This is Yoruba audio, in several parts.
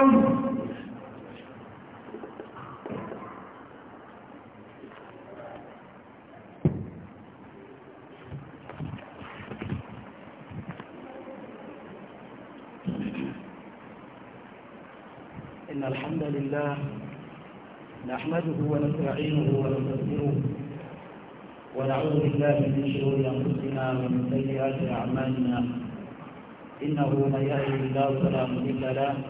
إن الحمد لله نحمده ونستعينه ونستغفره ونعوذ بالله من شرور أنفسنا ومن سيئات أعمالنا إنه من يهده الله فلا مضل له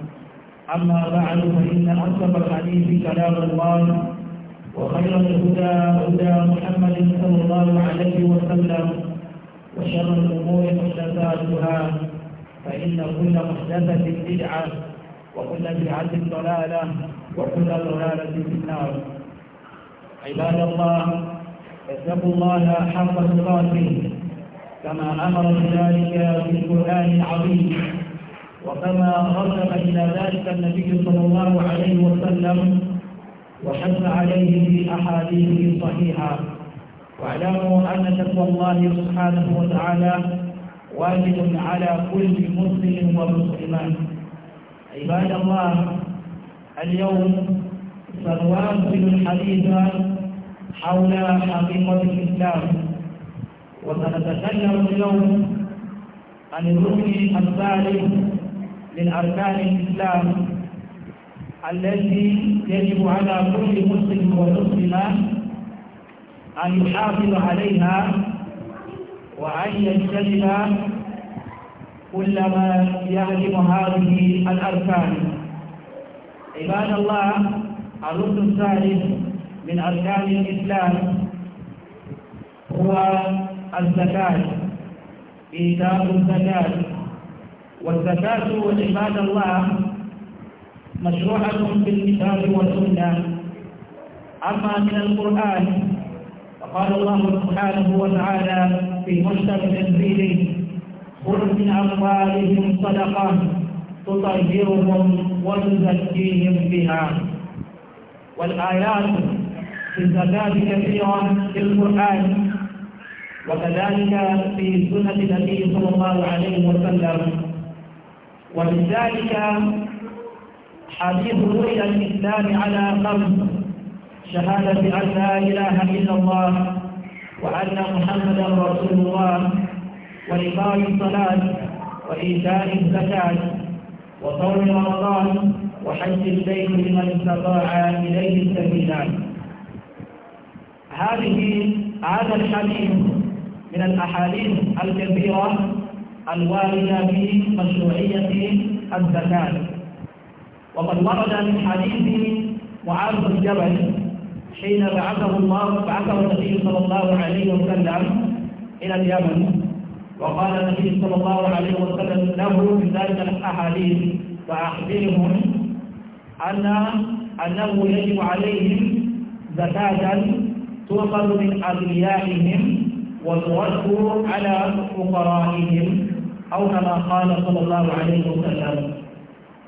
أما بعد فإن أصدق الحديث كلام الله وخير الهدى هدى محمد صلى الله عليه وسلم وشر الأمور محدثاتها فإن كل محدثة بدعة وكل بدعة ضلالة وكل ضلالة في النار عباد الله اتقوا الله حق تقاته كما أمر بذلك في القرآن العظيم وكما رغب إلى ذلك النبي صلى الله عليه وسلم وحث عليه في أحاديث صحيحة واعلموا أن تقوى الله سبحانه وتعالى واجب على كل مسلم ومسلمة عباد الله اليوم سنواصل الحديث حول حقيقة الإسلام وسنتكلم اليوم عن الركن الثالث من أركان الإسلام التي يجب على كل مسلم ومسلمة أن يحافظ عليها وأن يجتنب كل ما يهدم هذه الأركان عباد الله الركن الثالث من أركان الإسلام هو الزكاة إيتاء الزكاة والزكاة عباد الله مشروعة في الكتاب والسنة أما من القرآن فقال الله سبحانه وتعالى في محكم تنزيله خذ من أموالهم صدقة تطهرهم وتزكيهم بها والآيات في الزكاة كثيرة في القرآن وكذلك في سنة النبي صلى الله عليه وسلم ومن ذلك حديث رؤيا الإسلام على قلب شهادة أن لا إله إلا الله وأن محمدا رسول الله وإقام الصلاة وإيتاء الزكاة وصوم رمضان وحج البيت لمن استطاع إليه سبيلا هذه هذا الحديث من الأحاديث الكبيرة الواردة في مشروعية الزكاة وقد ورد من حديث معاذ بن جبل حين بعثه الله بعثه النبي صلى الله عليه وسلم إلى اليمن وقال النبي صلى الله عليه وسلم له في ذلك الأحاديث وأخبرهم أن أنه يجب عليهم زكاة تؤخذ من أغنيائهم وترد على فقرائهم أو كما قال صلى الله عليه وسلم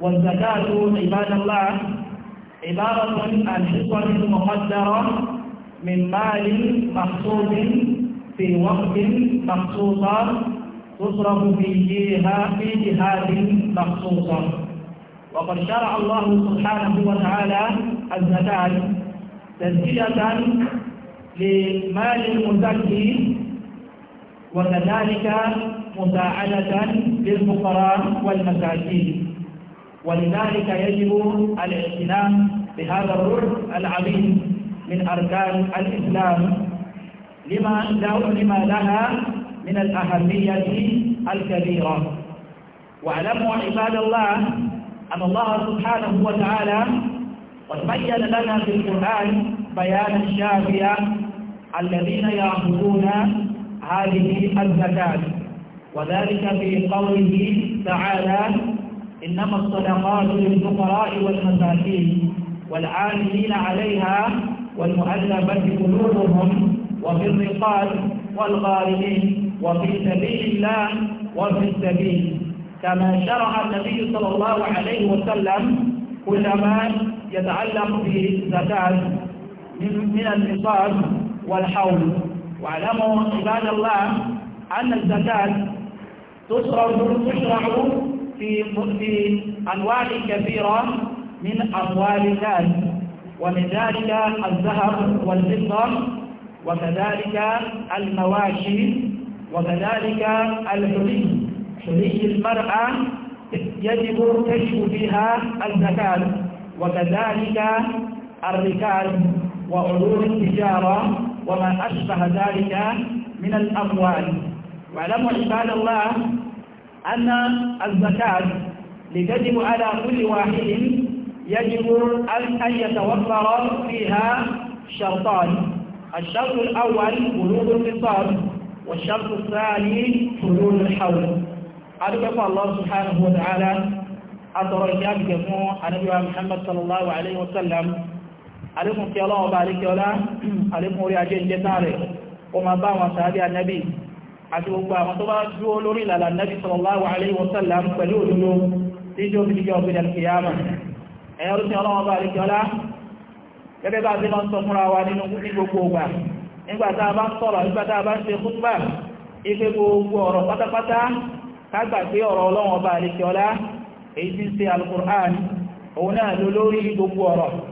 والزكاة عباد الله عبارة عن حصة مقدرة من مال مخصوص في وقت مخصوص تصرف في جهة في جهات مخصوصة وقد شرع الله سبحانه وتعالى الزكاة تزكية لمال المزكي وكذلك مساعدة للفقراء والمساكين ولذلك يجب الاعتناء بهذا الركن العظيم من أركان الإسلام لما لما لها من الأهمية الكبيرة واعلموا عباد الله أن الله سبحانه وتعالى قد بين لنا في القرآن بيانا شافيا الذين يعبدون هذه الزكاة وذلك في قوله تعالى إنما الصدقات للفقراء والمساكين والعاملين عليها والمؤلفة قلوبهم وفي الرقاب والغارمين وفي سبيل الله وفي السبيل كما شرع النبي صلى الله عليه وسلم كل ما يتعلق بالزكاة من النصاب والحول واعلموا عباد الله أن الزكاة تشرع في في أنواع كثيرة من أموال الناس ومن ذلك الذهب والفضة وكذلك المواشي وكذلك الحلي حلي المرأة يجب كشف فيها الزكاة وكذلك الركاب وعلوم التجارة وما أشبه ذلك من الأموال واعلموا عباد الله أن الزكاة لتجب على كل واحد يجب أن يتوفر فيها شرطان الشرط الأول بلوغ النصاب والشرط الثاني حلول الحول كفى الله سبحانه وتعالى أترى الكتاب النبي محمد صلى الله عليه وسلم àlékún kí ọlọ́wọ́ bá àlékí ọlá àlékún orí ajé ìjẹta rẹ̀ ó ma bá wọn sàábí ànábì àti gbogbo àwọn tó bá dúó lórí ìlànà ànábì sallallahu alaihi wasallam pẹ̀lú òdodo tí jó fi jọ òbìnrin kìyàmà ẹ̀yọ́ rúsí ọlọ́wọ́ bá àlékí ọlá gẹ́gẹ́ bá bí lọ́n sọ fúnra wa nínú ní gbogbo ògbà nígbà tá a bá ń sọ̀rọ̀ nígbà tá a bá ń ṣe ọlọ́wọ́ bá àlékí ọlá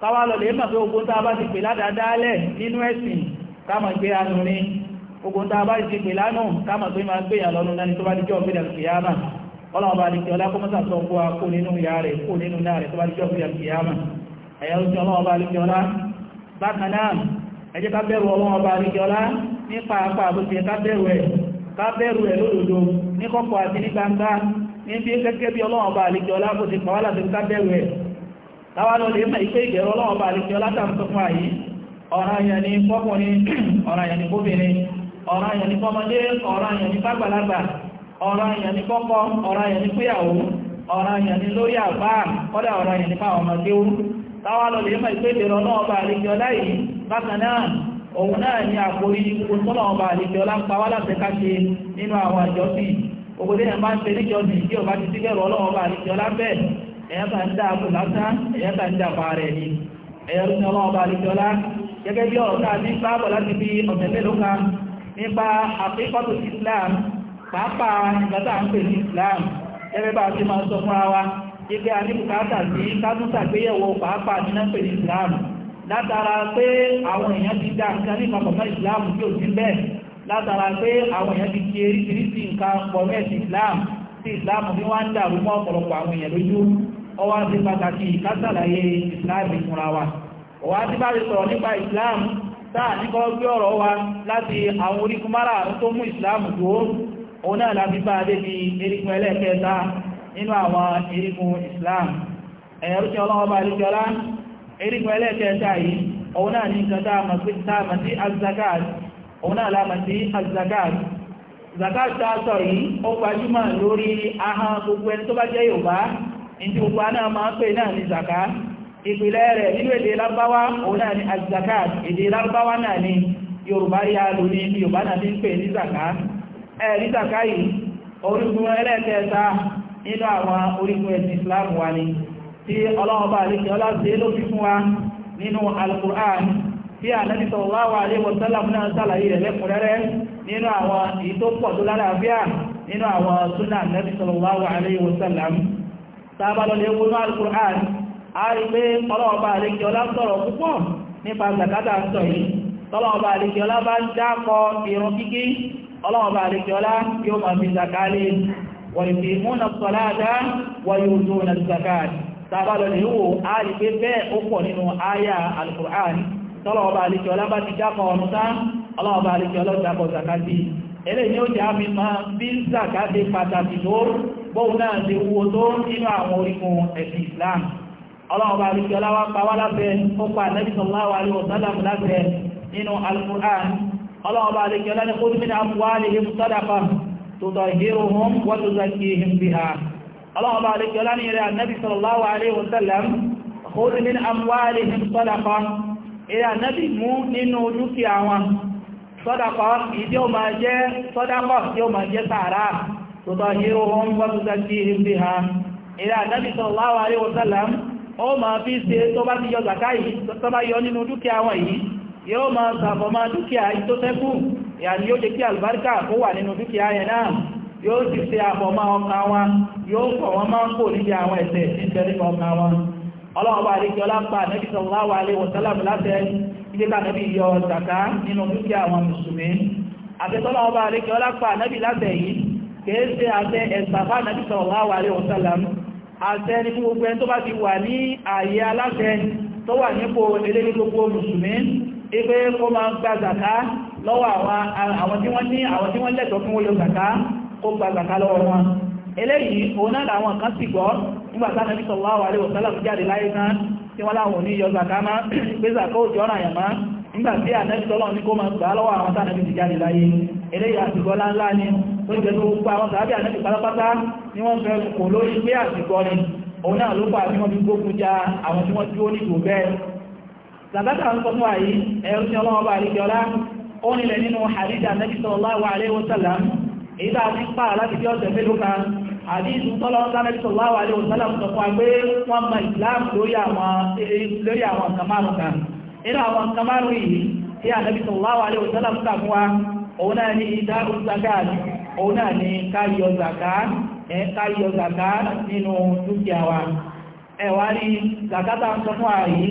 káwà lọ lè mọ̀ pé ogun tá a bá ti pè ládàádáálẹ̀ nínú ẹ̀sìn káàmà gbé anú ni ogun tá a bá ti pè lánà káàmà pé máa gbé yàn lọ́nu lẹ́ni tó bá díjọ́ gbé dàbí kìyàmà ọlọ́run bá dìkẹ́ ọlákọ́mọ́sà sọ kó a kó nínú ìyá rẹ̀ kó nínú náà rẹ̀ tó bá díjọ́ gbé dàbí kìyàmà ẹ̀yà oṣù ọlọ́run bá dìkẹ́ ọlá bákan náà ẹ jẹ́ bá káwà lọ lè mẹ́ ìpé ìgbẹ̀rọ ọlọ́wọ́ bá lè fi ọlátàmù tó fún àyí ọ̀ranyàn ni fọ́kùnrin ọ̀ranyàn ni fóbìnrin ọ̀ranyàn ni fọ́mọdé ọ̀ranyàn ni fágbàlagbà ọ̀ranyàn ni fọ́kọ́ ọ̀ranyàn ni fúyàwó ọ̀ranyàn ni lórí àbá kọ́dà ọ̀ranyàn ni fáwọn ọmọdé ó káwà lọ lè mẹ́ ìpé ìgbẹ̀rọ ọlọ́wọ́ ni àkórí ìgbòsọ́lọ́wọ́ bá lè fi ọlá ń pa wá láti káṣe nínú àwọn àjọsìn òkòdé ẹ̀ máa ń ẹ̀yà bá ń dá àpò lásán ẹ̀yà bá ń dá àpò rẹ̀ ni ẹ̀yà rúnni ọlọ́ọ̀bá àlejọ́lá gẹ́gẹ́ bí ọ̀rọ̀ náà ní bábọ̀ láti fi ọ̀sẹ̀ mélòó kan nípa àpékọ́tò Islam pàápàá ìgbàtà ń pè ní Islam gẹ́gẹ́ bá ti máa sọ fúnra wa gẹ́gẹ́ àníbùkátà sí kátúntà gbéyẹ̀wò pàápàá ní pè ní Islam látara pé àwọn èèyàn ti dá nǹkan ní ìpapọ̀mọ́ Islam tí ò sí bẹ́ẹ̀ látara pé àwọn èèyàn ti kiri kiri nǹkan pọ̀mọ́ ẹ̀sìn Islam tí Islam ní wá ń dàrú mọ́ ọ̀pọ̀lọpọ̀ àwọn èèyàn lójú ọwọ́ àti pàtàkì kásàlàyé ìsìláàmù fúnra wa ọwọ́ àti bá ti sọ̀rọ̀ nípa ìsìláàmù táà ní kọ́ gbé ọ̀rọ̀ wa láti àwọn orígun mara tó mú ìsìláàmù tó òun náà láti bá adé ní erigun ẹlẹ́ẹ̀kẹta nínú àwọn erigun ìsìláàmù ẹ̀yẹ̀rú tí ọlọ́wọ́ bá lè jọlá erigun ẹlẹ́ẹ̀kẹta yìí òun náà ní nǹkan táàmà sí azakat òun náà láàmà sí azakat zakat tá sọ yìí ó gbajúmọ̀ lórí ahọ́n gbogbo ẹni tó bá jẹ́ Yorùbá ìdí gbogbo aná máa ń pè náà ní zaka ìpìlẹ̀ rẹ̀ nínú èdè lárúbáwá òun náà ni azaka èdè lárúbáwá náà ni yorùbá yá lò ní yorùbá náà ti ń pè ní zaka ẹ̀ ní zaka yìí orígun ẹlẹ́ẹ̀kẹta nínú àwọn orígun ẹ̀sìn islam wa ni tí ọlọ́ọ̀bá àlejò ọlá ṣe ló fi fún wa nínú alukur'an tí àwọn èyí tó pọ̀ tó nínú àwọn súnà ànábì sallallahu alaihi wa sallam tàbálọ́lẹ̀ ewu ní Al-Qur'an a rí pé ọlọ́ọ̀bá àríkíọlá sọ̀rọ̀ púpọ̀ nípa zakata ń sọ yìí tọ́lọ́ọ̀bá àríkíọlá bá ń dákọ ìrun kíkí ọlọ́ọ̀bá àríkíọlá yóò máa fi zakalé wọ̀lẹ̀fẹ̀ múnà sọ̀láàdá wọ̀yọ̀dọ̀ na zakat tàbálọ́lẹ̀ ewu a rí pé bẹ́ẹ̀ ó pọ̀ zakati eléyìí ó jẹ́ àmì máa bí zakati pàtàkì tó bóun náà ti wúwo tó nínú àwọn orígun ẹ̀sìn Islam ọlọ́ọ̀bá àríkẹ́ ọláwà pàwà láfẹ́ ó pa Ànábì sallallahu alaihi wasallam láfẹ́ nínú Al-Qur'an ọlọ́ọ̀bá àríkẹ́ ọlá ní kó dúmínà amwalihim sadaqah tutahhiruhum wa tuzakkihim biha ọlọ́ọ̀bá àríkẹ́ ọlá ní ilẹ̀ Ànábì sallallahu alaihi wasallam kó dúmínà amwalihim sadaqah ilẹ̀ Ànábì mú ìdí ó máa jẹ́ sadaqah yóò máa jẹ́ sàárà tutahiruhum wa tuzakkihim biha ìrẹ́ ànábì sallallahu alaihi wasallam ó ma fi ṣe tó bá ti yọ ma yìí ṣe àfọ̀mọ́ ọkàn wọn yóò fọ̀ wọn máa ń kò níbi àwọn ẹ̀ṣẹ̀ nítorí ọkàn wọn ọlọ́ọ̀bá àríkẹ́ ọlápá nẹ́bí sallallahu alaihi wasallam látẹ́ ilé bá nẹ́bí yọ zàká nínú dúkìá àwọn mùsùlùmí nẹ́bí kìí ṣe àṣẹ ẹ̀sàfà nàbí sallallahu alaihi wasallam àṣẹ ní fún gbogbo ẹn tó bá ti wà ní ààyè aláṣẹ tó wà nípò eléré gbogbo mùsùlùmí ipé kó ma ń gba zàká lọ́wọ́ àwọn tí wọ́n ní àwọn tí wọ́n lẹ́tọ̀ọ́ fún olè zàká kó gba zàká lọ́wọ́ wọn eléyìí òun náà làwọn kan sì gbọ́ nígbàtá nàbí sallallahu alaihi wasallam jáde láyé náà tí wọ́n láwọn ò ní yọ zàká má gbé zàká òjò ọ̀ràn àyàmá nígbàtí ànẹ́sọ́lọ́ ní kó máa gbà lọ́wọ́ àwọn tánàbí ti jáde láyé eléyìí àsìkò láńlá ni ó jẹ́ tó gbogbo àwọn tàbí ànẹ́bì pátápátá ni wọ́n fẹ́ kò lórí pé àsìkò ni òun náà ló pàá bí wọ́n fi gbógun já àwọn tí wọ́n tí ó ní ìgbò bẹ́ẹ̀ zàbátà ń sọ fún àyí ẹ̀rù sallallahu alaihi wasallam èyí tá a ti pààrà láti bí ọ̀sẹ̀ mélòó tọ́lọ́ sáré sallallahu alaihi wasallam sọ fún wa pé wọ́n mọ ìsìláàmù lórí àwọn lórí ún nínú àwọn nǹkan márùn yìí tí ànábì sallallahu alaihi wasallam kà fún wa òun náà ní ìdáhùn zakat òun náà ní káyọ zakat ẹ̀ káyọ zakat nínú dúkìá wa ẹ̀wà ní zakata ń sọ fún wa yìí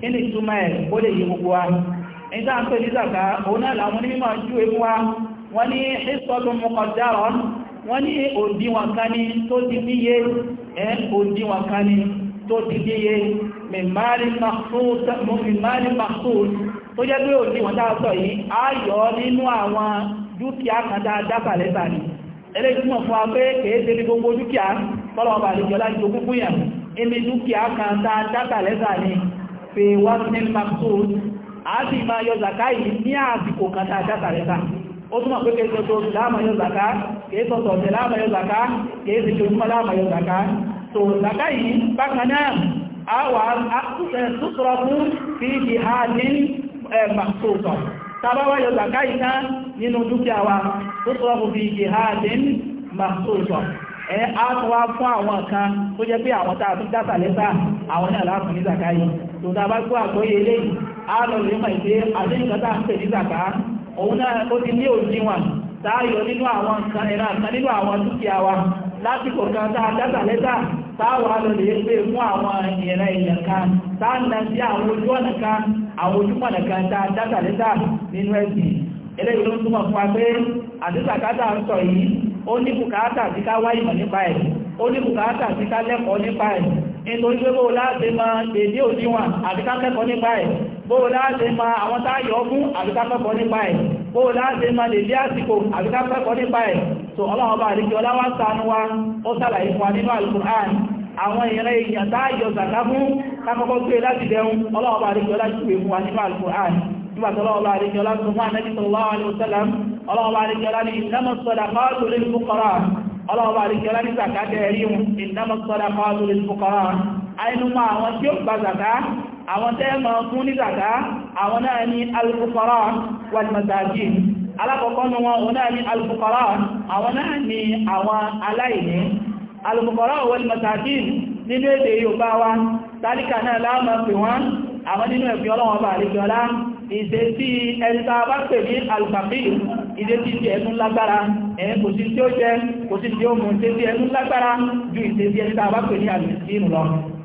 nínú ìtumọ̀ ẹ̀ ó lè yí gbogbo wa ìdá ń pè ní zaka òun náà làwọn onímọ̀ jú ewu wa wọ́n ní hisatun muqaddarah wọ́n ní òdíwọ̀n kan ní tó ti níye ẹ̀ òdíwọ̀n kan ní tó ti níye mìmárì mahfuz tó jẹ́ pé òní wọ́n dáa sọ yìí a yọ nínú àwọn dúkìá kan dáadáa sàlẹ́sà ni eléyìí túnmọ̀ fún wa pé kèése ní gbogbo dúkìá tọ́lọ̀ọ̀bà àlejò láti ogún fún yà ní dúkìá kan dáadáa sàlẹ́sà ni pé wọ́n ní mahfuz a sì máa yọ zàká yìí ní àsìkò kan dáadáa sàlẹ́sà ó túnmọ̀ pé kéèsè tó láàmà yọ zàká kéèsè ọ̀tọ̀ láàmà yọ zàká kéèsè tó láàmà yọ zàká tó zàká yìí bákan náà Eh, tútùrọ̀kú fi jihadin eh, maqsusa tàbáwà yóò zàká ìta nínú dúkìá wa tútùrọ̀kú fi jihadin maqsusa ẹ eh, àtọwà fún àwọn kan tó jẹ́ pé àwọn tàà dátà lẹ́sà àwọn ní àlàáfún ní zàká yìí tó tàbá gbọ́ àgbóyé eléyìí àlọ́ lè mọ̀ ìgbé àdínkàtà ń pè ní zàká òun náà ó ti ní òdiwọ̀n tààyọ̀ nínú àwọn kan nínú àwọn dúkìá wa lásìkò kan tàà lẹ́sà táwà lọ́lẹ̀ yẹ́ pé fún àwọn ìrìnà èèyàn kan táàlá sí àwọn ojú ọ̀nà kan àwọn ojúmọ̀nà kan dáadáa nínú ẹ̀sìn eléyìí ló ń túnmọ̀ fún wa pé àdúsàkátà ń sọ yìí ó ní bùkátà sí ká wá ìmọ̀ nípa ẹ̀ ó ní bùkátà sí ká lẹ́kọ̀ọ́ nípa ẹ̀ nítorí pé bóò láti ma dèdé òdíwọ̀n àti ká kẹ́kọ̀ọ́ nípa ẹ̀ bóò láti ma àwọn táyọ̀ fún àti kẹ́kọ̀ọ́ nípa ẹ̀ bóò láti ma dèdé àsìkò àti kẹ́kọ̀ọ́ nípa ẹ̀ so ọlọ́wọ́ bá àríkẹ́ ọláwá ṣàánú wa ó sàlàyé fún wa nínú alukur'an àwọn ìrẹ́ èèyàn táàyọ̀ zàká fún kákọ́kọ́ gbé e láti dẹun ọlọ́wọ́ bá àríkẹ́ ọlá jùwé fún wa nínú alukur'an nígbà tó ọlọ́wọ́ bá àríkẹ́ ọlá sọ fún anábì sallallahu alaihi wasallam ọlọ́wọ́ bá àríkẹ́ al-fuqara wal-masakin alákọ̀ọ́kọ́ ní wọn wọn náà ní alùpùpọ̀rá àwọn náà ní àwọn aláìní alùpùpọ̀rá wal masakin nínú èdè Yorùbá wa tálíkà náà láàmà pè wọ́n àwọn nínú ẹ̀fẹ́ ọlọ́wọ́n bá àríkọ́lá ìṣe tí ẹ̀ta bá pè ní alùpàpì ìdé tí ti ẹnu lágbára ẹ̀yìn kò sí tí ó jẹ kò sí tí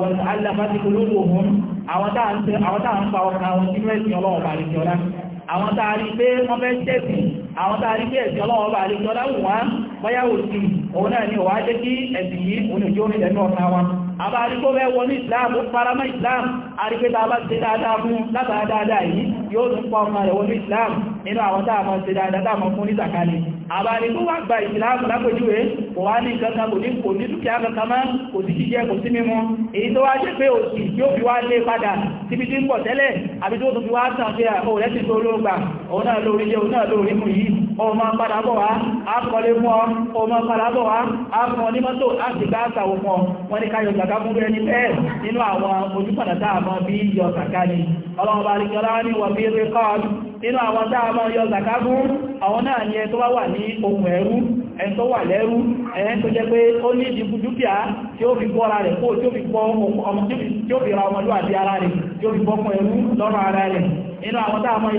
wọ́n ti aláfà ti polówó òun àwọn táà ń pa ọkàn wọn sínú ẹ̀sìn ọlọ́wọ́ bá àlejò ọlá àwọn táà rí pé wọ́n fẹ́ tẹ̀sìn àwọn táà rí pé ẹ̀sìn ọlọ́wọ́ bá àlejò ọlá wù wá bọ́yá wò sí òun náà ni òwá jẹ́ kí ẹ̀sìn yìí òun ò jó ní ẹ̀nu ọ̀sán wọn àbá àríkó bẹ́ wọ ní islam ó faramọ́ islam àríkẹta bá ṣe dáadáa fún látàá dáadáa yìí yóò tún pọ́ ọmọ rẹ̀ wọ ní islam nínú àwọn táàmọ́ ṣe dáadáa táàmọ́ fún ní sàkálẹ̀ àbáni tó wá gba ìsìláàmù lápòjúwé kò wá ní kankan kò ní kò ní dúkìá kankan mọ́ kò sí jíjẹ kò sí mímu èyí tó wá jẹ́ pé òsì tí ó fi wá lé padà síbi tí ń pọ̀ tẹ́lẹ̀ àbí tó tó fi wá tàn fẹ́ òrẹ́sì tó lóògbà òun náà lórí jẹ́ òun náà lórí mú yìí ọmọ padà bọ̀ wá akọlé mọ́ ọmọ padà bọ̀ wá afọ onímọ́tò láti gbá àtàwò mọ́ wọn ni káyọ̀ gbàgbà fún rẹ ní bẹ́ẹ̀ nínú àwọn ojúpọ̀nà táàmọ́ bí yọ kàkà ni ọlọ́run bá rí kí ọlá ní wọ̀ bí rí kọ́ọ̀dù nínú àwọn dáa máa yọ zaka fún àwọn náà ni ẹ tó wá wà ní ohun ẹ̀rú tó wà lẹ́rú tó pé ó ní dúkìá tí ó fi bọ́ ara rẹ̀ kó tí ó fi ọmọ ra ara rẹ̀ tí ó fi bọ́ fún ẹrú lọ́rọ̀ ara rẹ̀ nínú àwọn táàmọ́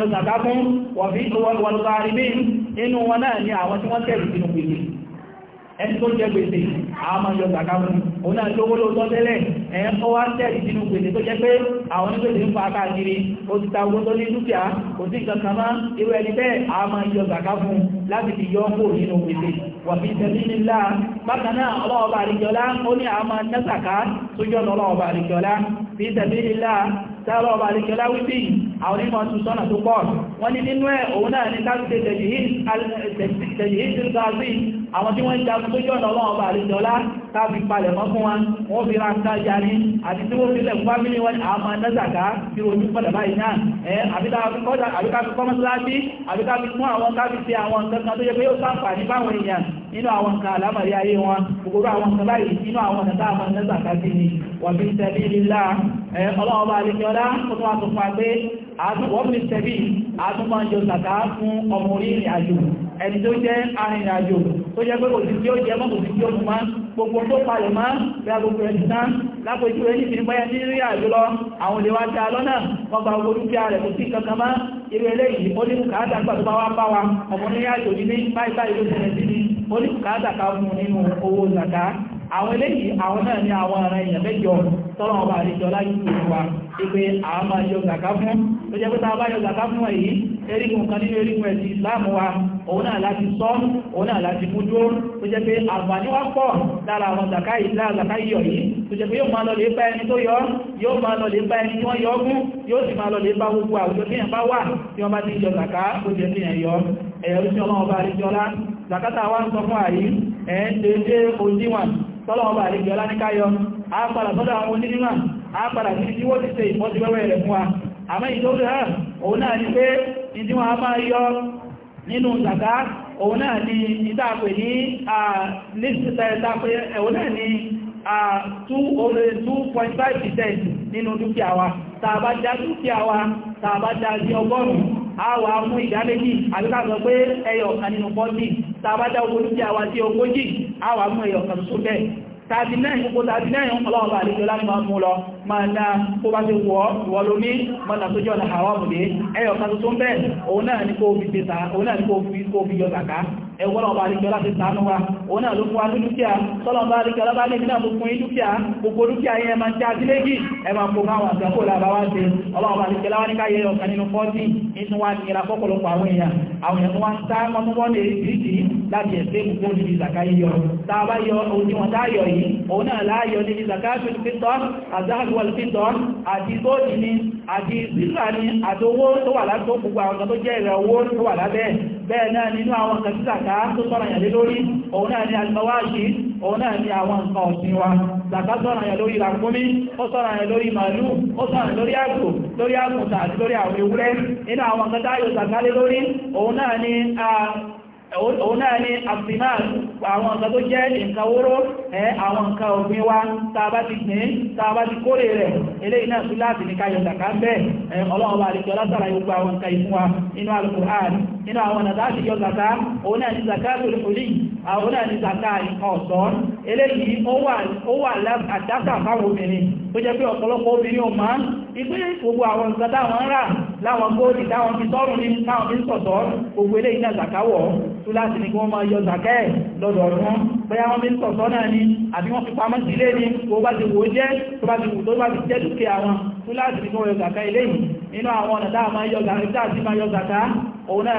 yọ wọ̀fí ẹni tó jẹ gbèsè àwọn ọmọ yọgbà káwọn òun náà lówó lóòótọ́ tẹ́lẹ̀ ẹ̀yẹn kọ́ wá tẹ́lì sínú gbèsè tó jẹ́ pé àwọn onígbèsè ń fa káàkiri ó ti ta owó tó ní dúkìá kò sí nǹkan kan máa irú ẹni bẹ́ẹ̀ àwọn ọmọ yọgbà káwọn láti fi yọ kó nínú gbèsè wà fi tẹ̀lé àwọn onímọ̀ tún sọ́nà tó pọ̀ wọ́n ní nínú ẹ̀ òun náà ní káàkiri tẹ̀yìí àwọn tí wọ́n ń jagun tó jọ́nà ọlọ́wọ́ bá àlejò ọlá káàbí palẹ̀ mọ́ fún wa wọ́n fi ra nǹkan ya ní àti tí wọ́n fi lẹ̀ fámílì wọn àmà nẹ́zàká tí ojú pẹ̀lẹ̀ báyìí náà ẹ́ àbíkáfi kọ́mọ́síláàbí àbíkáfi fún àwọn káàbí ti àwọn nǹkan kan tó yẹ pé yóò sáǹfà ní báwọn èèyàn nínú àwọn nǹkan àlámàrí ayé wọn gbogbo àwọn nǹkan báyìí nínú àwọn nǹkan táàmà nẹ́zàká sí ni wà fi tẹ̀lé lílá ẹ̀ ọlọ́wọ́ bá àlejò ọlá ó tún wá tó fún ọmọ orí ìrìn àjò ẹni tó jẹ́ arìnrìnàjò tó jẹ́ pé òsì tí ó jẹ mọ́ òsì tí ó mú máa gbogbo tó palẹ̀ máa bí agogo ẹni náà lápẹjú ẹni fi bọ́yá ní rí àjò lọ àwọn olè wá ta lọ́nà wọ́n gba ogun dúkìá rẹ̀ kò sí kankan máa irú eléyìí ó ní bùkátà nígbà tó bá wá bá wa ọmọ ní àjò ní báyìí báyìí ló ṣẹlẹ̀ sí ni ó ní bùkátà ká fún nínú owó zàká àwọn eléyìí àwọn náà ní àwọn ará èèyàn mẹ́jọ tọ́rọ ọba àlejò láyúkú wa ipé àwọn máa yọ zàká fún tó jẹ́ pé tá a bá yọ zàká fún ẹ̀yí erigun kan nínú erigun ẹ̀sìn Islam wa òun náà láti sọ òun náà láti mú dúró tó jẹ́ pé àǹfààní wá pọ̀ lára àwọn zakai lára zakai yọ̀ yìí tó jẹ́ pé yóò máa lọ bá ẹni tó yọ yóò máa lọ bá ẹni wọ́n yọ ọgún yóò sì máa lọ bá gbogbo àwùjọ tí yẹn bá wà tí wọ́n bá ti yọ zaka ó jẹ́ tí yẹn yọ ẹ̀rọ bá rí jọlá zakata wá ń sọ fún àyí ẹ̀ ń dédé òdíwọ̀n tọ́lọ́wọ́ bá rí jọlá ní káyọ a padà sọ́dọ̀ àwọn onídíwọ̀n a padà sí nínú zaka òun náà ni ìtàpẹ̀ ní àlẹ́sìtàpẹ̀ òun náà ni 2.5% nínú dúkìá wa tàbá já dúkìá wa tàbá já sí ọgọ́rùn-ún àwà mú ìdálẹ́jì àbíkàtọ̀ pé ẹyọ̀ kan nínú 40 tàbá já ogójì àwà sí ogójì àwà mú ẹyọ̀ kan tó bẹ́ẹ̀ tàbí náà gbogbo tàbí náà ọlọ́ọ̀bà àlejò láti máa mú lọ máa ná kó bá ti wọ́ ìwọ lómi mọ́nà tó jọ́ ọ̀nà àwọn ọmọdé ẹyọ̀ kan tó ń bẹ́ẹ̀ òun náà ní kó fi yọ tàkà ẹwọ́n ọba àríkẹ́ láti sàánú wa òun náà ló fún wa ní dúkìá tọ́lọ̀ ọba àríkẹ́ ọlọ́bá ní ìbínà tó fún dúkìá gbogbo dúkìá yẹn ma jẹ́ àdílégì ẹmà kó máa wà sẹ́kò lábáwá ṣe ọlọ́ọba àríkẹ́ láwá ní káyẹ ọ̀kan nínú fọ́tí inú wa ní ìlà pọ́pọ̀lọpọ̀ àwọn èèyàn àwọn èèyàn wá ń sá mọ́mọ́mọ́ lè ríjì láti ẹ̀sẹ̀ gbogbo níbi ìzàká yíyọ tàbá yọ òní wọn dáyọ yìí òun náà láàyọ níbi ìzàká fìtọ́ àzáàgbọ̀lùfìtọ́ àwọn tó jẹ́ ìrẹ̀ bẹ́ẹ̀ náà nínú àwọn nǹkan zaka tó tọ́rọ yà lé lórí òun náà ni almawashi òun náà ni àwọn nǹkan ọ̀sìn wa zaka tọ́rọ yà lórí ràkúnmí ó tọ́rọ yà lórí màálù ó tọ́rọ lórí àgbò lórí àgùntà àti lórí àwọn ewúrẹ́ nínú àwọn nǹkan táyò zaka òun náà ni abdimal àwọn nǹkan tó jẹ́ nǹkan wóró ẹ àwọn nǹkan ògbìn wa tàbá ti gbìn tàbá ti kórè rẹ̀ eléyìí náà tún láti ní káyọ̀ zàká ń bẹ́ ọlọ́ọ̀bà àríkẹ́ látara gbogbo àwọn nǹkan ìfún wa nínú Al-Qur'an àwọn ọ̀nà láti ni zàká tó lè fòlì àwọn náà ni zàká nǹkan ọ̀sán ó jẹ́ pé ọ̀pọ̀lọpọ̀ obìnrin ò máa ipé gbogbo àwọn nǹkan táwọn rà láwọn góòdì táwọn fi tọ́rùn ní táwọn fi ń sọ̀tọ̀ gbogbo ilé iná zakawọ̀ tó láti ní kí wọ́n máa yọ zakẹ́ lọ́dọọdún bóyá wọ́n fi ń sọ̀tọ̀ náà ni àbí wọ́n fi pamọ́ sí ilé ni gbogbo bá ti wò jẹ́ tó bá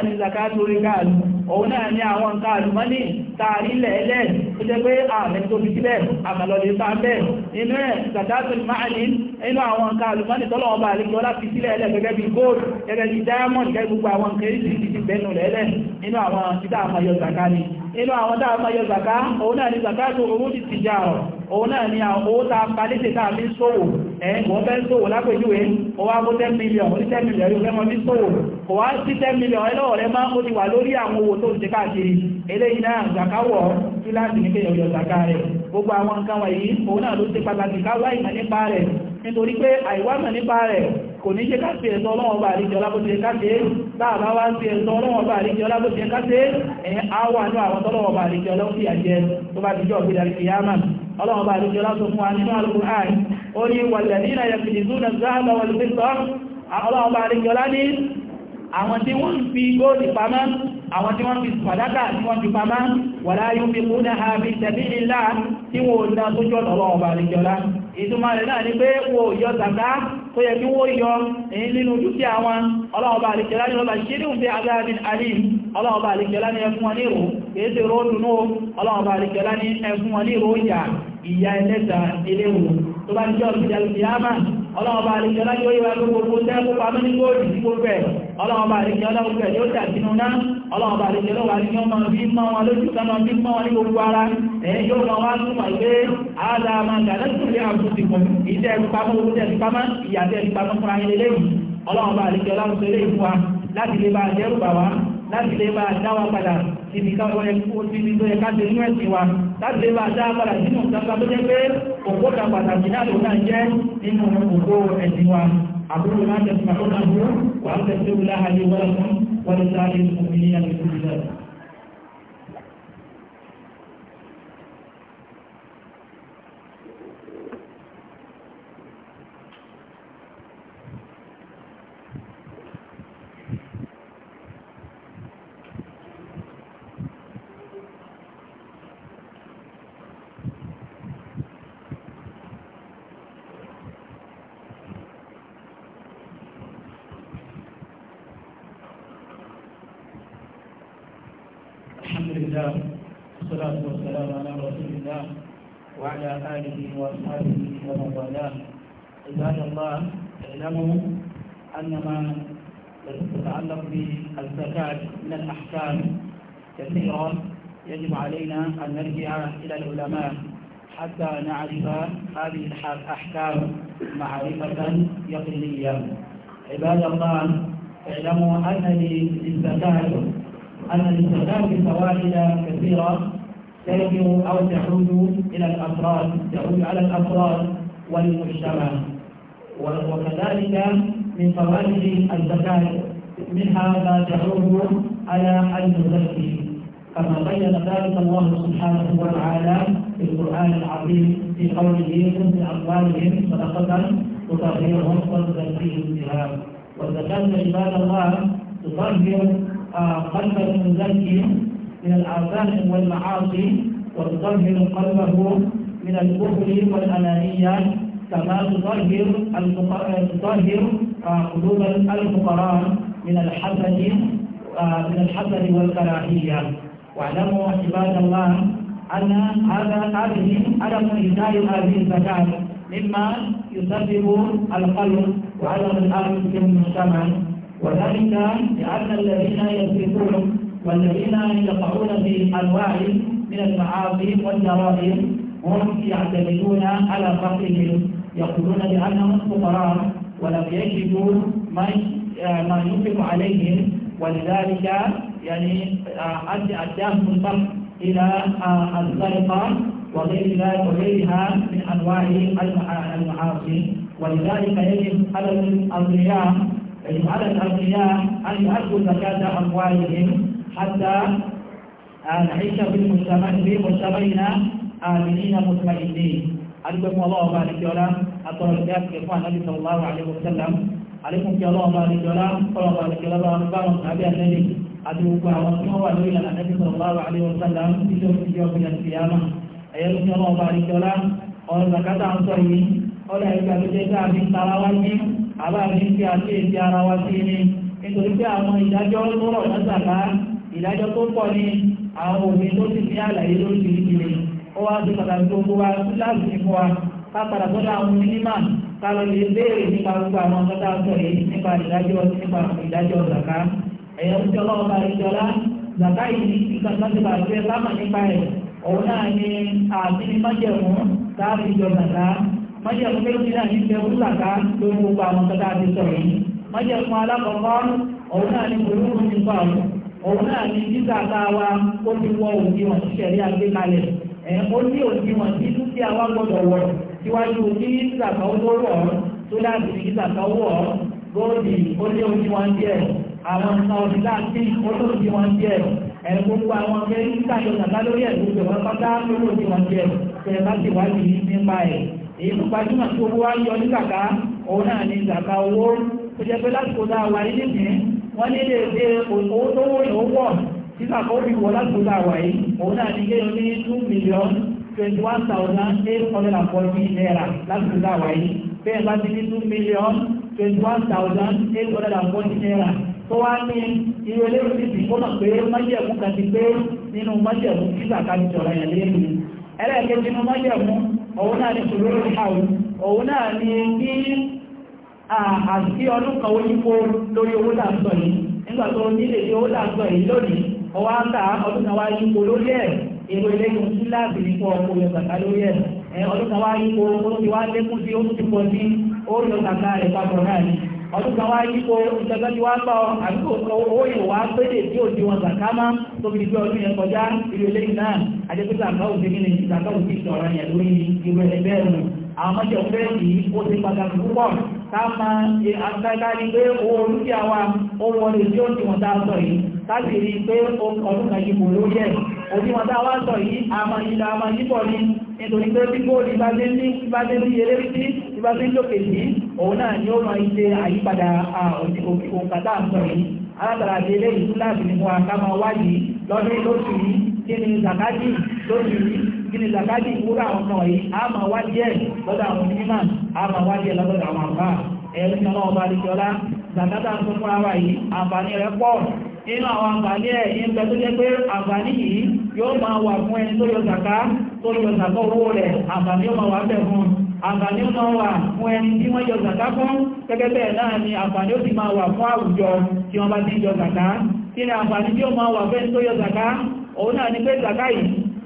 ni zakẹ́ torí gáàlù òun náà ni àwọn nǹkan àlùmọ́nì tààrí lẹ̀ẹ́lẹ̀ tó jẹ́ pé àmì tó fi sílẹ̀ àmàlọ́lẹ̀ bá bẹ́ẹ̀ ẹ̀ zakẹ́ máàlì inú àwọn nǹkan àlùmọ́nì tọ́lọ̀ ọba àlejò láti sílẹ̀ ẹlẹ́ gẹ́gẹ́ bí gold gẹ́gẹ́ bí diamond gẹ́gẹ́ gbogbo àwọn nǹkan èsì ti ti bẹnu rẹ̀ lẹ̀ inú àwọn títà àmàyọ zaka ni inú àwọn tá àmàyọ zaka òun náà ni zaka tó owó ti ti jà ọ̀ òun náà ni àwọn owó tá a palẹ́sẹ̀ tá a fi ń ṣòwò ẹ̀ẹ́gbọ́n fẹ́ ń ṣòwò lápèjúwe 10 million ní 10 million yóò fẹ́ mọ́ bí ṣòwò kò wá sí 10 million ẹlọ́wọ̀ rẹ máa ń ti wà lórí àwọn owó tó ń ṣe káàkiri eléyìí náà zaka wọ̀ kí láti ní kéèyàn zaka rẹ̀ gbogbo àwọn nǹkan wọ̀nyí òun náà ló ṣe pàtàkì káwà ìmọ̀ nípa rẹ̀ nítorí pé àìwámọ̀ nípa rẹ̀ kò ní jẹ́ káàkì ẹ̀sọ́ ọlọ́wọ́ bá àríjọ lábóṣe káṣe láàbá wá sí ẹ̀sọ́ ọlọ́wọ́ bá àríjọ lábóṣe káṣe ẹ̀yẹn àwà ní àwọn tọ́lọ́wọ́ bá àríjọ lọ́wọ́ àjẹ tó bá dìjọ́ ògbèdà ìyámà ọlọ́wọ́ bá àríjọ lásọ fún wa nínú Al-Qur'an ó ní walladhina yaknizuna adh-dhahaba wal-fidda ọlọ́wọ́ bá àríjọ lá àwọn tí wọ́n fi góòlì pamọ́ àwọn tí wọ́n fi fàdákà tí wọ́n fi pamá wà láyé fi kú náà bí tẹ̀bí ìlà tí wọ́n dá tó jọ lọ́wọ́ ọba àlejọ́lá ìtumọ̀ rẹ̀ náà ni pé wo yọ zàká tó yẹ kí wó yọ èyí nínú dúkìá wọn ọlọ́ọ̀bá àlejọ́lá ní ọba ṣíríhùn bí agbábin alim ọlọ́ọ̀bá àlejọ́lá ní ẹfún wọn ọlọ́ọ̀bá àríkẹ́ láyé ó yíwa gbogbo tẹ́kù pàmí ní góòdì sí gbogbo ẹ̀ ọlọ́ọ̀bá àríkẹ́ ọlọ́ọ̀bá yóò dàbínú náà ọlọ́ọ̀bá àríkẹ́ lọ́wà ní ọmọ bí mọ́ wọn lójú kánà bí mọ́ wọn ní gbogbo ara ẹ̀yìn yóò mọ wá túnmọ̀ pé àádá máa gàdá sílẹ̀ àbúsìkùn ìjẹ́ ìpamọ́ ìjẹ́ ìpamọ́ ìyàtẹ̀ ìpamọ́ fúnra ilé lẹ́yìn ọlọ́ọ̀bá àríkẹ́ ọlọ́ọ̀bá ilé ìfúwa láti lè bá jẹ́rù bàwá láti lè bá dáwà padà síbi tó yẹ ká òpó kan pàtàkì náà ló náà jẹ́ nínú òpó ẹ̀sìn wa àbúrò máa tẹ̀sí màtó náà bú wàá tẹ̀sí wùlá àyè wọ́n fún wọ́n lè sáré òmìnira lè fún ìlẹ̀. الله وعلى آله وأصحابه ومن والاه عباد الله اعلموا أن ما يتعلق بالزكاة من الأحكام كثيرة يجب علينا أن نرجع إلى العلماء حتى نعرف هذه الأحكام معرفة يقينية عباد الله اعلموا أن للزكاة أن للزكاة فوائد كثيرة ترجع أو تعود إلى الأفراد تعود على الأفراد والمجتمع وكذلك من فوائد الزكاة منها ما تعود على المزكي كما بين ذلك الله سبحانه وتعالى في القرآن العظيم في قوله كن بأموالهم صدقة تطهرهم وتزكيهم بها والزكاة عباد الله تطهر آه، قلب المزكي من الآثام والمعاصي وتطهر قلبه من الكفر والأنانية كما تطهر تطهر آه، قلوب الفقراء من الحسد آه، من الحسد والكراهية واعلموا عباد الله أن هذا هذه عدم إيتاء هذه الزكاة مما يسبب القلب وعدم الأمن في المجتمع وذلك لأن الذين يسبقون والذين يقعون في أنواع من المعاصي والجرائم هم يعتمدون على فقرهم يقولون بأنهم فقراء ولم يجدوا ما ينفق عليهم ولذلك يعني آه، أداهم الفقر إلى آه، السرقة وغير ذلك وغيرها من أنواع المعاصي ولذلك يجب على الأغنياء يجب على الأغنياء أن يؤدوا زكاة أموالهم حتى نعيش في مجتمعنا آمنين مطمئنين عليكم الله وبارك ولا أطول الكاف كفاء النبي صلى الله عليه وسلم عليكم في الله وبارك ولا صلى بارك ولا بارك أبي النبي أدعوك وأسمعوا إلى النبي صلى الله عليه وسلم في يوم يوم من القيامة أيام في الله وبارك ولا أول زكاة عن صحيح أول أيام كتير من تراواتي أبا من في أشياء تراواتي nítorí pé àwọn ìdájọ́ lọ́rọ̀ lọ́sàkà ìdájọ́ tó pọ̀ ní àwọn òbí tó sì ní àlàyé lóríṣiríṣi rẹ̀ ó wá sí pàtàkì gbogbo wa láti ní fún wa ká padà sọ́dọ̀ àwọn onímọ̀ ká lọ lè béèrè nípa gbogbo àwọn ọ̀gá tá a sọ yìí nípa ìdájọ́ nípa ìdájọ́ zàká ẹ̀yọ́ ń tẹ́lọ́ ọba ìjọlá zàká yìí ní ìkàtúntì bàjẹ́ lámà nípa ẹ̀ òun náà ni àti ní májẹ̀mú táàbì ìjọ zàká májẹ̀mú méjì náà ní fẹ́ wú zàká lórí gbogbo àwọn ọ̀gá tá a ti sọ yìí májẹ̀mú ni kòlúkù òun náà ní títà tá a wa ó ti wọ òdiwọ̀n tí sẹ̀rí àgbékalẹ̀ ẹ̀ ó ní òdiwọ̀n tí dúkìá wa gbọ́dọ̀ wọ̀ síwájú kí títà kan ó tó wọ̀ ọ́ tó dáàbò ní títà kan ó wọ̀ ọ́ góòdì ó lé òdiwọ̀n díẹ̀ àwọn nǹkan ọ̀sìn láti ó lé òdiwọ̀n díẹ̀ ẹ̀ gbogbo àwọn ọ̀gẹ́ títà yóò tàbá lórí ẹ̀ gbogbo wọn pátá ló lé òdiwọ̀n díẹ̀ tẹ̀ bá ti wádìí nípa ẹ̀ èyí tó gbajúmọ̀ tó wá yọ ní kàkà òun náà ní ìgbàgbà wọ́n nílé èdè owó tó wọ́n yóò wọ̀ nígbà kó fi wọ́n láti gbọ́dọ̀ àwà yìí òun náà ní kéèyàn ní two million twenty one thousand eight hundred and forty naira láti gbọ́dọ̀ àwà yìí bẹ́ẹ̀ bá ti ní two million twenty one thousand eight hundred and forty naira tó wá ní irú eléyìí ti fi kọ́nà pé májẹ̀mú kan ti pé nínú májẹ̀mú kí sàkájú jọ̀rọ̀ yẹn léèrè ẹlẹ́ẹ̀kejì nínú májẹ̀mú òun náà ní sùúrù ìhàwù òun náà ní kí àti ọdún kan ó yípo lórí owó dàgbọ̀ yìí nígbà tó nílé tí owó dàgbọ̀ yìí lónìí ọwọ́ àgbà ọdún kan wá yípo lórí ẹ̀ èrò eléyìí ń láàbì nípa ọkọ̀ yọ kàkà lórí ẹ̀ ọdún kan wá yípo ó ti wá lékún sí ó ti pọ̀ sí ó yọ kàkà rẹ̀ papọ̀ náà ni ọdún kan wá yípo ìjọba ti wá gbọ́ àdúgbò owó yìí wá pédè tí ò di wọn kàkà má tó fi gbé ọdún yẹn kọjá ìrẹ̀lẹ́yìn náà àdébísà àkáwò àmọ́jẹ̀ òfẹ́ yìí ó ti pàtàkì púpọ̀ káàmà àtàkàrí pé owó olúkí àwa owó ọdún tí ó ti wọ́n dáa sọ yìí láti rí pé ọdún kan yìí kò ló yẹ òbí wọn dáa wá sọ yìí àmà ìlà àmà yíbọ̀ ni nítorí pé bí góòlù bá dé ní bá dé ní eré sí bá dé lókè sí òun náà ni ó máa ń ṣe àyípadà òǹkàtà sọ yìí alátara àti eléyìí láti nínú àkámọ wáyìí lọ́dún lóṣù yìí kí gini zakati ìwúrà àwọn ọmọ yìí a máa wá díẹ̀ lọ́dọ̀ àwọn mímọ̀ a máa wá díẹ̀ lọ́dọ̀ àwọn àbá ẹ̀rí ọlọ́ ọba àdìjọlá zakata ń fún ara yìí àǹfààní rẹ̀ pọ̀ nínú àwọn àǹfààní ẹ̀ ìgbẹ́ tó jẹ́ pé àǹfààní yìí yóò máa wà fún ẹni tó yọ zaka tó yọ zaka owó rẹ̀ àǹfààní yóò máa wà bẹ̀ fún àǹfààní ó máa wà fún ẹni tí wọ́n yọ zaka fún gẹ́gẹ́ bẹ́ẹ̀ náà ni àǹfààní ó sì máa wà fún àwùjọ tí wọ́n bá ti yọ zaka kí ni àǹfààní tí ó máa wà fún tó yọ zaka òun náà ni pé zaka yìí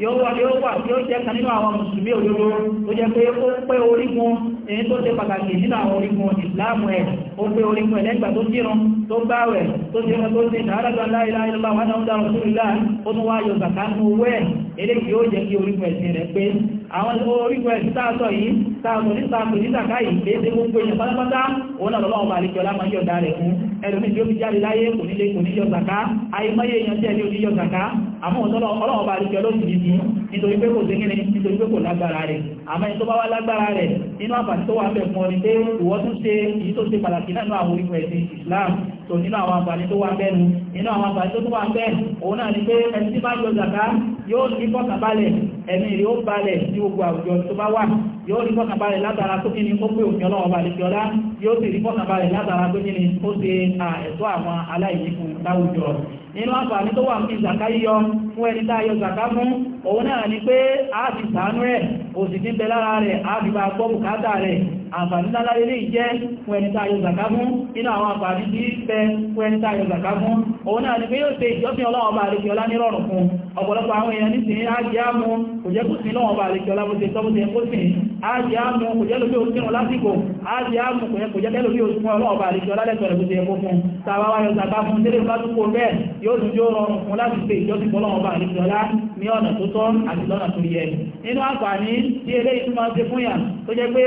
yóò wà yóò wà yóò jẹ́ kan nínú àwọn mùsùlùmí òdodo tó jẹ́ pé ó pé orígun èyí tó ṣe pàtàkì nínú àwọn orígun ìsìláàmù ẹ̀ ó pé orígun ẹ̀lẹ́gbà tó jírun tó gbáwẹ̀ tó ṣe tó ṣe ìdáradà láìláìlọ́lá wọn náà dára sí ìlà ó tún wáyọ bàtà nínú owó ẹ̀ eléyìí yóò jẹ́ kí orígun ẹ̀sìn rẹ̀ pé àwọn orígun ẹ̀sìn táàtọ̀ yìí táàtọ̀ ní sàkùn ní sàkáyì kéde gbogbo èèyàn pátápátá òun náà lọ́wọ́ ẹlòmí tí ó fi jáde láyé kò nílé kò níyọ zàká àìmọye èèyàn tí ẹni ò níyọ zàká àmọ́ ọ̀tọ́lọ̀ ọlọ́ọ̀bá àríkẹ́ olóòtú yìí nítorí pé kò sí kíni nítorí pé kò lágbára rẹ̀ àmọ́ ẹni tó bá wá lágbára rẹ̀ nínú àpàtí tó wà ń bẹ̀ fún ọ ni pé ìwọ tún ṣe èyí tó ṣe pàtàkì náà àwọn orígun ẹ̀sìn Islam tó nínú àwọn àǹfààní tó wà bẹ́ẹ̀ nu nínú àwọn àǹfààní tó tó wà bẹ́ẹ̀ òun náà ni pé ẹni tí bá yọ zàká yóò ní fọkànbalẹ̀ ẹni yóò balẹ̀ ní gbogbo àwùjọ tó bá wà yóò rí fọkànbalẹ̀ látara tó kíni ó pé òfin ọlọ́wọ́ balẹ̀ fi ọlá yóò sì rí fọkànbalẹ̀ látara tó kíni ó ṣe ẹ̀tọ́ àwọn aláìní fún láwùjọ nínú àǹfààní tó wà ní ìzàká yíyọ fún ẹni tá a yọ zàká fún òun náà ni pé a ti sàánú rẹ̀ òsì ti ń bẹ lára rẹ̀ a ti bá gbọ́ bùkátà rẹ̀ àǹfààní lálárẹ́lẹ́ ìjẹ́ fún ẹni tá a yọ zàká fún nínú àwọn àǹfààní tí bẹ láṣẹ pẹ́ntà ìgbàgbà fún òun náà ni pé yóò ṣe ìjọsìn ọlọ́wọ́ bá àríkẹ́ ọlá ní rọrùn fún ọ̀pọ̀lọpọ̀ àwọn èèyàn nísìnyí á jẹ́ àmú kò jẹ́ kó sí lọ́wọ́ bá àríkẹ́ ọlá bó ṣe tọ́ bó ṣe kó sìn ájẹ́ àmú kò jẹ́ lórí òsìn lásìkò ájẹ́ àmú kò jẹ́ lórí òsìn ọlọ́ọ̀bà àríkẹ́ ọlálẹ́sọ̀ rẹ̀ bóṣe ẹkọ́ fún tàbá wáyọ̀ tàbá fún tẹ́lẹ̀ lásìkò bẹ́ẹ̀ yóò tún yóò rọrùn fún láti pè ìjọsìn ọlọ́ọ̀bà àríkẹ́ ọlá ní ọ̀nà tó tọ́ àti lọ́nà tó yẹ nínú àǹfààní tí eléyìí tún máa ń ṣe fún yàn tó jẹ́ pé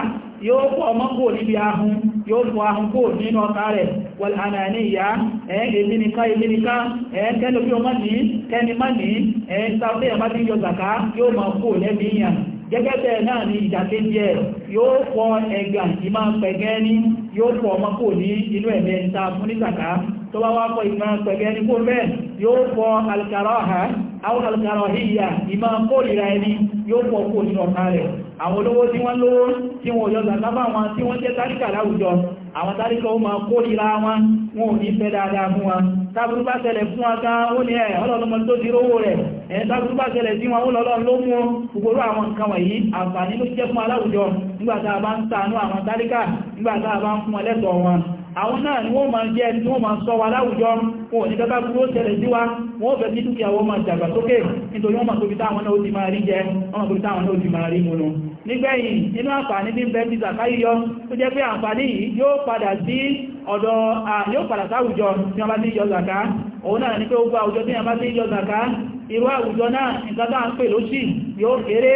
wọ́n yóò fọ ọmọ kò níbi ahun yóò fọ ahun kò nínú ọ̀tá rẹ̀ wàlhánà ní ìyá ẹ̀ẹ́gẹ̀ mínika ìmínika ẹ̀ẹ́kẹ́lò bí ọmọ ní kẹ́ni má ní ẹ̀ẹ́sáfẹ́ ẹ̀bá tí yọ zàká yóò máa kò lẹ́bí ìyàn gẹ́gẹ́ bẹ́ẹ̀ náà ni ìdàkejì ẹ̀ yóò fọ ẹ̀gà ìmá pẹ̀gẹ́ ní yóò fọ ọmọ kò ní inú ẹ̀mẹ́ ta fún ní zàká tó bá wá kọ ìmá pẹ̀lú ẹni kó bẹ́ẹ̀ yóò fọ alkaraha àwọn alkarahiyya ìmá kórìíra ẹni yóò fọ kó nínú ọ̀tá rẹ̀ àwọn olówó tí wọ́n lówó tí wọ́n yọ zàtàbà wọn tí wọ́n jẹ́ tàríkà láwùjọ àwọn tàríkà ó máa kórìíra wọn wọn ò ní fẹ́ dáadáa fún wọn tábùrú bá ṣẹlẹ̀ fún wọn ká ó ní ẹ̀ ọlọ́lọ́mọ tó ti rówó rẹ̀ ẹ̀ tábùrú bá ṣẹlẹ̀ sí wọn ó lọ́lọ́ mú gbogbo àwọn nǹkan wọ̀nyí àǹfààní ló jẹ́ fún aláwùjọ nígbàtà bá ń ṣàánú àwọn tàríkà nígbàtà bá ń fún ẹlẹ́tọ̀ọ́ wọn àwọn náà ni wọ́n máa jẹ́ ẹni tí wọ́n máa sọ wa láwùjọ wọn ò ní kẹta kúrò tẹ̀lẹ̀ sí wa wọ́n fẹ́ sí dúkìá wọ́n máa dàgbà sókè nítorí wọ́n máa tóbi táwọn náà ó ti máa rí jẹ wọ́n máa tóbi táwọn náà ó ti máa rí múnu nígbẹ̀yìn nínú àǹfààní bí bẹ́ẹ̀ ti sàkáyíyọ tó jẹ́ pé àǹfààní yìí yóò padà sí ọ̀dọ̀ yóò padà sáwùjọ tí wọ́n bá ti yọ zàká òun náà ní pé ó gba àwùjọ tí wọ́n bá ti yọ zàká irú àwùjọ náà nǹkan tá ń pè lóṣì yóò kéré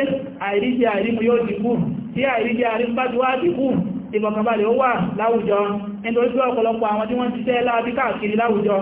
àìríjẹ àìrímu yóò dínkù tí àìríjẹ àìrímu bá ti wá dínkù ìgbọ̀kànbalẹ̀ ó wà láwùjọ nítorí pé ọ̀pọ̀lọpọ̀ àwọn tí wọ́n ti tẹ́ láàbí káàkiri láwùjọ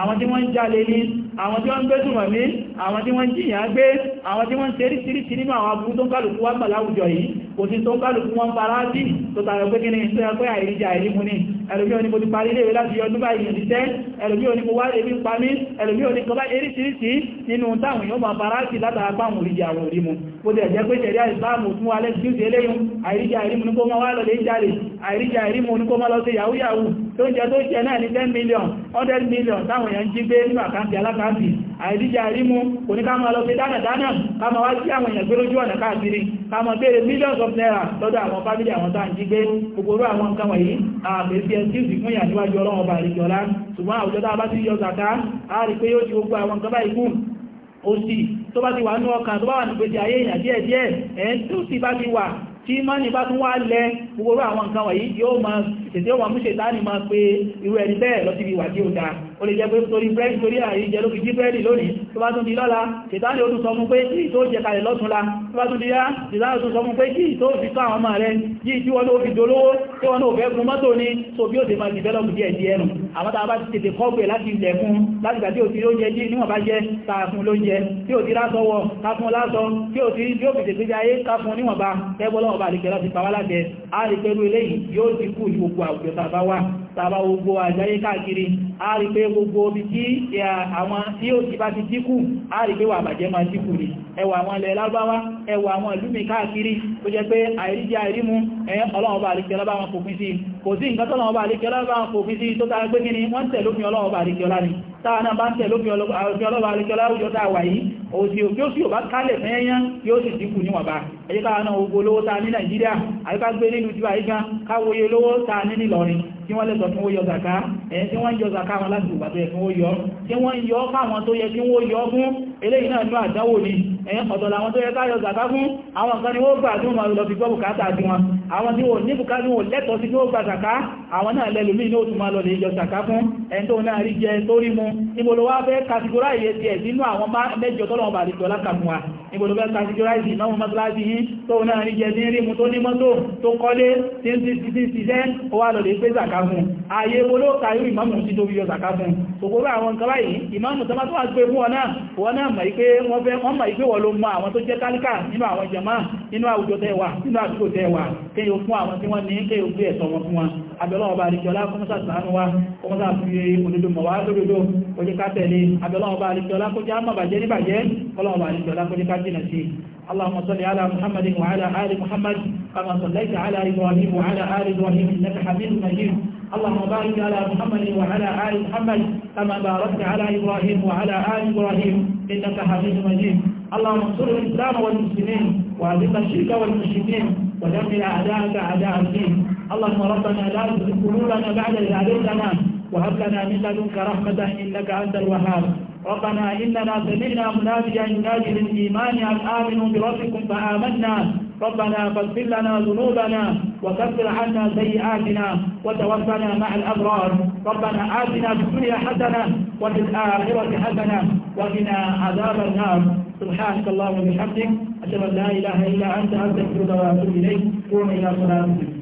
àwọn tí wọ́n ń jalè ní àwọn tí wọ́n ń gbẹ́sùnmọ̀ mí àwọn tí wọ́n ń jìyàn gbé àwọn tí wọ́n ń ṣe ríṣìíríṣìí nínú àwọn aburú tó ń kálùkù wá gbà láwùjọ yìí kò sí tó ń kálùkù wọn fara sí tó tààrọ pé kíni tó yẹ pé àìríjà àìrímú ni ẹlòmí òní mo ti parí iléèwé láti yọ nígbà yìí ṣiṣẹ́ ẹlòmí wá ebi ń pa mí ẹlòmí òní kọba eríṣìíríṣìí nínú táwọn yóò máa fara sí látara pa àwọn òrìjà àwọn òrìmú bó ti ẹ̀jẹ́ pé ṣẹ̀rí àìsíláàmù fún wa lẹ́sìkúsì eléyìn àìríjà àìrímú ní kó máa wá lọ lè ń jalè àìríjà àìrímú ní kó máa lọ sí yahoo tó jẹ tó jẹ náà ní 10 million 100 million táwọn èèyàn jí gbé nínú àkáǹtì alákàáǹtì àìdíjà rímú kò ní ká máa lọ sí dánàdánà ká máa wá sí àwọn èèyàn gbé lójú ọ̀nà káàkiri ká máa béèrè millions of naira lọ́dọ̀ àwọn fámílì àwọn tá à ń jí gbé gbogbo àwọn nǹkan wọ̀nyí àbẹ̀sí ẹ̀sìsì fún ìyà níwájú ọlọ́run ọba àríjọlá ṣùgbọ́n àwùjọ tá a bá ti yọ zàká a rí pé yóò ti gbogbo àwọn nǹkan báyìí kù òsì tó bá ti wà ní ọkàn tó bá wà ní pèsè ayé èèyàn díẹ̀díẹ̀ ẹ̀ tó sì bá ti wà tí mọ́ni bá tún wá lẹ gbogbo àwọn nǹkan wọ̀nyí yóò máa tètè wà mú ṣètánì máa pé irú ẹni bẹ́ẹ̀ lọ síbi ìwà tí ó dáa ó lè jẹ́ pé torí brẹ́dì torí àìjẹ́ ló fi jí brẹ́dì lónìí tó bá tún di lọ́la ìtàlẹ̀ ó tún sọ mú pé tí tó jẹ kalẹ̀ lọ́túnla tó bá tún di yá ìtàlẹ̀ ó tún sọ mú pé tí tó fi tó àwọn ọmọ rẹ̀ yí tí wọ́n ó fi dolówó tí wọ́n ó fẹ́ ni so bí ó ti máa develop díẹ̀ díẹ̀ nù àwọn tá a bá tètè kọ́gbù ẹ̀ láti ilẹ̀ fún pé gbogbo omi tí àwọn tí ó ti bá ti dínkù a rí pé wà bàjẹ́ máa dínkù rí ẹwà àwọn ilẹ̀ lágbáwá ẹwà àwọn ìlú mi káàkiri tó jẹ́ pé àìríjẹ́ àìrímú ẹ̀yẹn ọlọ́ọ̀bà àríkẹ́ lábá wọn fòfin sí kò sí nǹkan àríkẹ́ lábá wọn fòfin sí táwa náà bá ń tẹ̀ lófin ọlọ́wà alẹ́kẹ́ láwùjọ tàà wà yìí òsì òkè ó sì ò bá kálẹ̀ fẹ́yẹn yóò sì dínkù níwọ̀nba ẹjẹ́ káà náà ogun olówó tàà ní Nàìjíríà àyíká gbé nínú tí wáyé gan káwòye olówó tàà ní nìlọrin tí wọ́n lẹ́sọ̀ fún oyọ zaka ẹ̀yẹn tí wọ́n ń yọ zaka wọn láti ìgbà tó oyọ tí wọ́n ń yọ fáwọn tó yẹ kí wọ́n yọ fún eléyìí náà ní àdánwò ni ẹ̀yìn ọ̀dọ̀ làwọn tó yẹ káyọ̀ zàká fún àwọn kan ni wọ́n gbà tí wọ́n máa lọ fi gbọ́ bùkátà bí wọn àwọn tí wọ́n ní bùkátà wọn lẹ́tọ̀ọ́ sí tí wọ́n gbà zàká àwọn náà lẹ́lùmí ní òtún máa lọ lè yọ zàká fún ẹni tó náà rí jẹ torí mu níbolo fẹ́ wa níbolo fẹ́ categorize ìnáwó mọ́sálásí yìí tó náà rí jẹ sí rí mu tó ní mọ́tò tó kọ́lé tí ń ti ṣiṣẹ́ ó wá lọ lè pé zàká fún ààyè wolo kayú ìmáàmù sí tó fi yọ zàká fún òkúrò àwọn nǹkan báyìí ìmáàmù tó bá tó wá wọ́n ló mọ àwọn tó jẹ́ tálíkà nínú àwọn jàmáà nínú àwùjọ tẹ́wà nínú àdúgbò tẹ́wà kéyò fún àwọn tí wọ́n ní kéyò gbé ẹ̀tọ́ wọn fún wọn abẹ́lọ́wọ́ bá alìkọ́lá kọmọ́sà sàánú wa kọmọ́sà fi òdòdó mọ̀ wá lódòdó ojú ká tẹ̀lé abẹ́lọ́wọ́ bá alìkọ́lá kó já mọ̀ bàjẹ́ níbàjẹ́ kọlọ́wọ́ bá alìkọ́lá kó ní ká jìnà sí اللهم صل على محمد وعلى آل محمد كما صليت على إبراهيم وعلى آل إبراهيم إنك حميد مجيد اللهم بارك على محمد وعلى آل محمد كما باركت على إبراهيم وعلى آل إبراهيم إنك حميد مجيد اللهم انصر الإسلام والمسلمين وأذل الشرك والمشركين ودمر أعداءك أعداء الدين اللهم ربنا لا تزغ قلوبنا بعد إذ هديتنا وهب لنا من لدنك رحمة إنك أنت الوهاب ربنا إننا سمعنا مناديا ينادي للإيمان أن آمنوا بربكم فآمنا ربنا فاغفر لنا ذنوبنا وكفر عنا سيئاتنا وتوفنا مع الأبرار ربنا آتنا في الدنيا حسنة وفي الآخرة حسنة وقنا عذاب النار سبحانك اللهم وبحمدك أشهد أن لا إله إلا أنت أستغفرك وأتوب إليك قوم إلى صلاتك